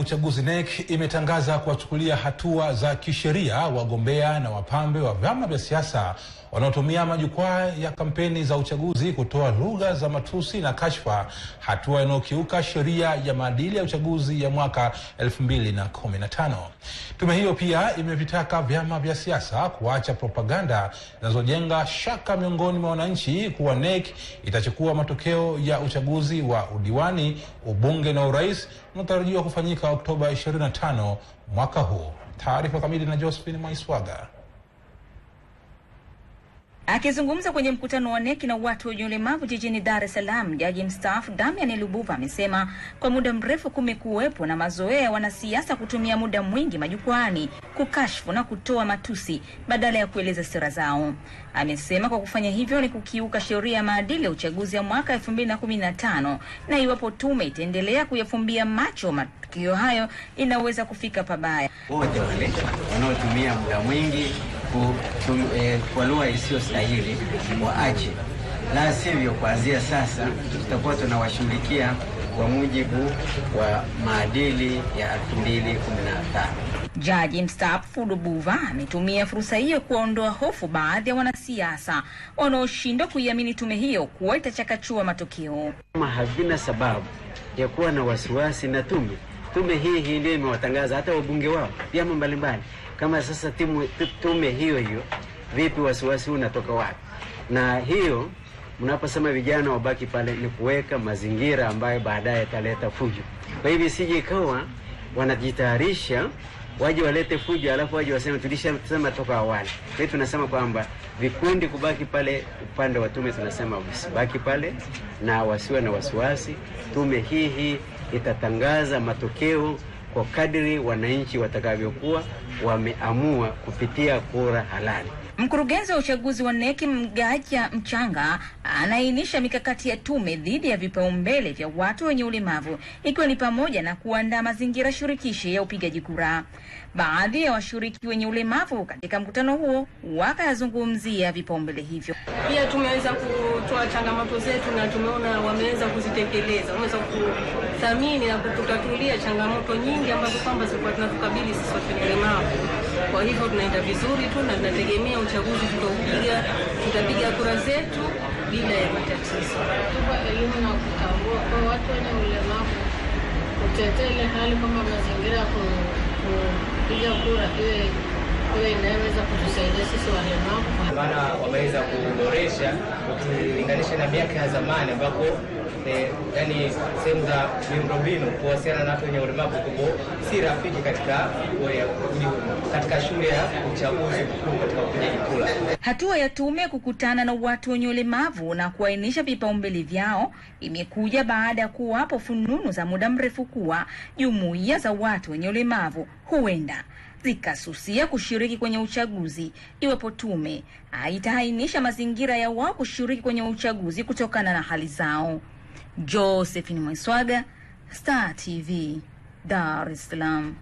Uchaguzi NEC imetangaza kuwachukulia hatua za kisheria wagombea na wapambe wa vyama vya siasa wanaotumia majukwaa ya kampeni za uchaguzi kutoa lugha za matusi na kashfa, hatua inayokiuka sheria ya maadili ya uchaguzi ya mwaka 2015. Tume hiyo pia imevitaka vyama vya siasa kuacha propaganda zinazojenga shaka miongoni mwa wananchi kuwa NEC itachukua matokeo ya uchaguzi wa udiwani, ubunge na urais unaotarajiwa kufanyika Oktoba 25 mwaka huu. Taarifa kamili na Josephine Mwaiswaga. Akizungumza kwenye mkutano wa NEC na watu wenye ulemavu jijini Dar es Salaam, jaji mstaafu Damian Lubuva amesema kwa muda mrefu kumekuwepo na mazoea ya wanasiasa kutumia muda mwingi majukwaani kukashfu na kutoa matusi badala ya kueleza sera zao. Amesema kwa kufanya hivyo ni kukiuka sheria ya maadili ya uchaguzi ya mwaka 2015 na iwapo tume itaendelea kuyafumbia macho matukio hayo inaweza kufika pabaya. Wote wale wanaotumia muda mwingi eh, kwa lugha isiyo stahili waache, la sivyo kuanzia sasa tutakuwa tunawashughulikia kwa mujibu wa maadili ya 2015. Jaji mstaafu Lubuva ametumia fursa hiyo kuwaondoa hofu baadhi ya wanasiasa wanaoshindwa kuiamini tume hiyo kuwa itachakachua matokeo. Kama havina sababu ya kuwa na wasiwasi na tume tume hii hii ndio imewatangaza hata wabunge wao vyama mbalimbali. Kama sasa timu, tume hiyo hiyo, vipi wasiwasi huu unatoka wapi? Na hiyo mnaposema vijana wabaki pale, ni kuweka mazingira ambayo baadaye yataleta fujo. Kwa hivyo sije ikawa wanajitayarisha waje walete fujo, alafu waje waseme tulishasema toka awali. kwa tunasema kwamba vikundi kubaki pale, upande wa tume tunasema usibaki pale na wasiwe na wasiwasi, tume hii hii itatangaza matokeo kwa kadiri wananchi watakavyokuwa wameamua kupitia kura halali. Mkurugenzi wa uchaguzi wa neki Mgaja Mchanga anaainisha mikakati ya tume dhidi ya vipaumbele vya watu wenye ulemavu ikiwa ni pamoja na kuandaa mazingira shirikishi ya upigaji kura. Baadhi ya washiriki wenye ulemavu katika mkutano huo wakazungumzia vipaumbele hivyo. Pia tumeweza kutoa changamoto zetu na tumeona wameweza kuzitekeleza, wameweza kuthamini na kututatulia changamoto nyingi ambazo kwamba zilikuwa tunatukabili sisi watu wenye ulemavu. Kwa hivyo tunaenda vizuri tu na tunategemea uchaguzi tutaupiga, tutapiga kura zetu bila ya matatizo. Elimu na kutambua kwa watu wenye ulemavu, kutetea ile hali kwamba mazingira ya kupiga kura iwe maana wameweza kuboresha ukilinganisha na miaka ya zamani ambapo E, yani sehemu za miundombinu kuhusiana na watu wenye ulemavu kubwa si rafiki katika eh, katika shule ya uchaguzi mkuu katika upigaji kura. Hatua ya tume kukutana na watu wenye ulemavu na kuainisha vipaumbele vyao imekuja baada ya kuwapo fununu za muda mrefu kuwa jumuiya za watu wenye ulemavu huenda zikasusia kushiriki kwenye uchaguzi iwapo tume haitaainisha mazingira ya wao kushiriki kwenye uchaguzi kutokana na hali zao. Josephine mweswaga Star TV, Dar es Salaam.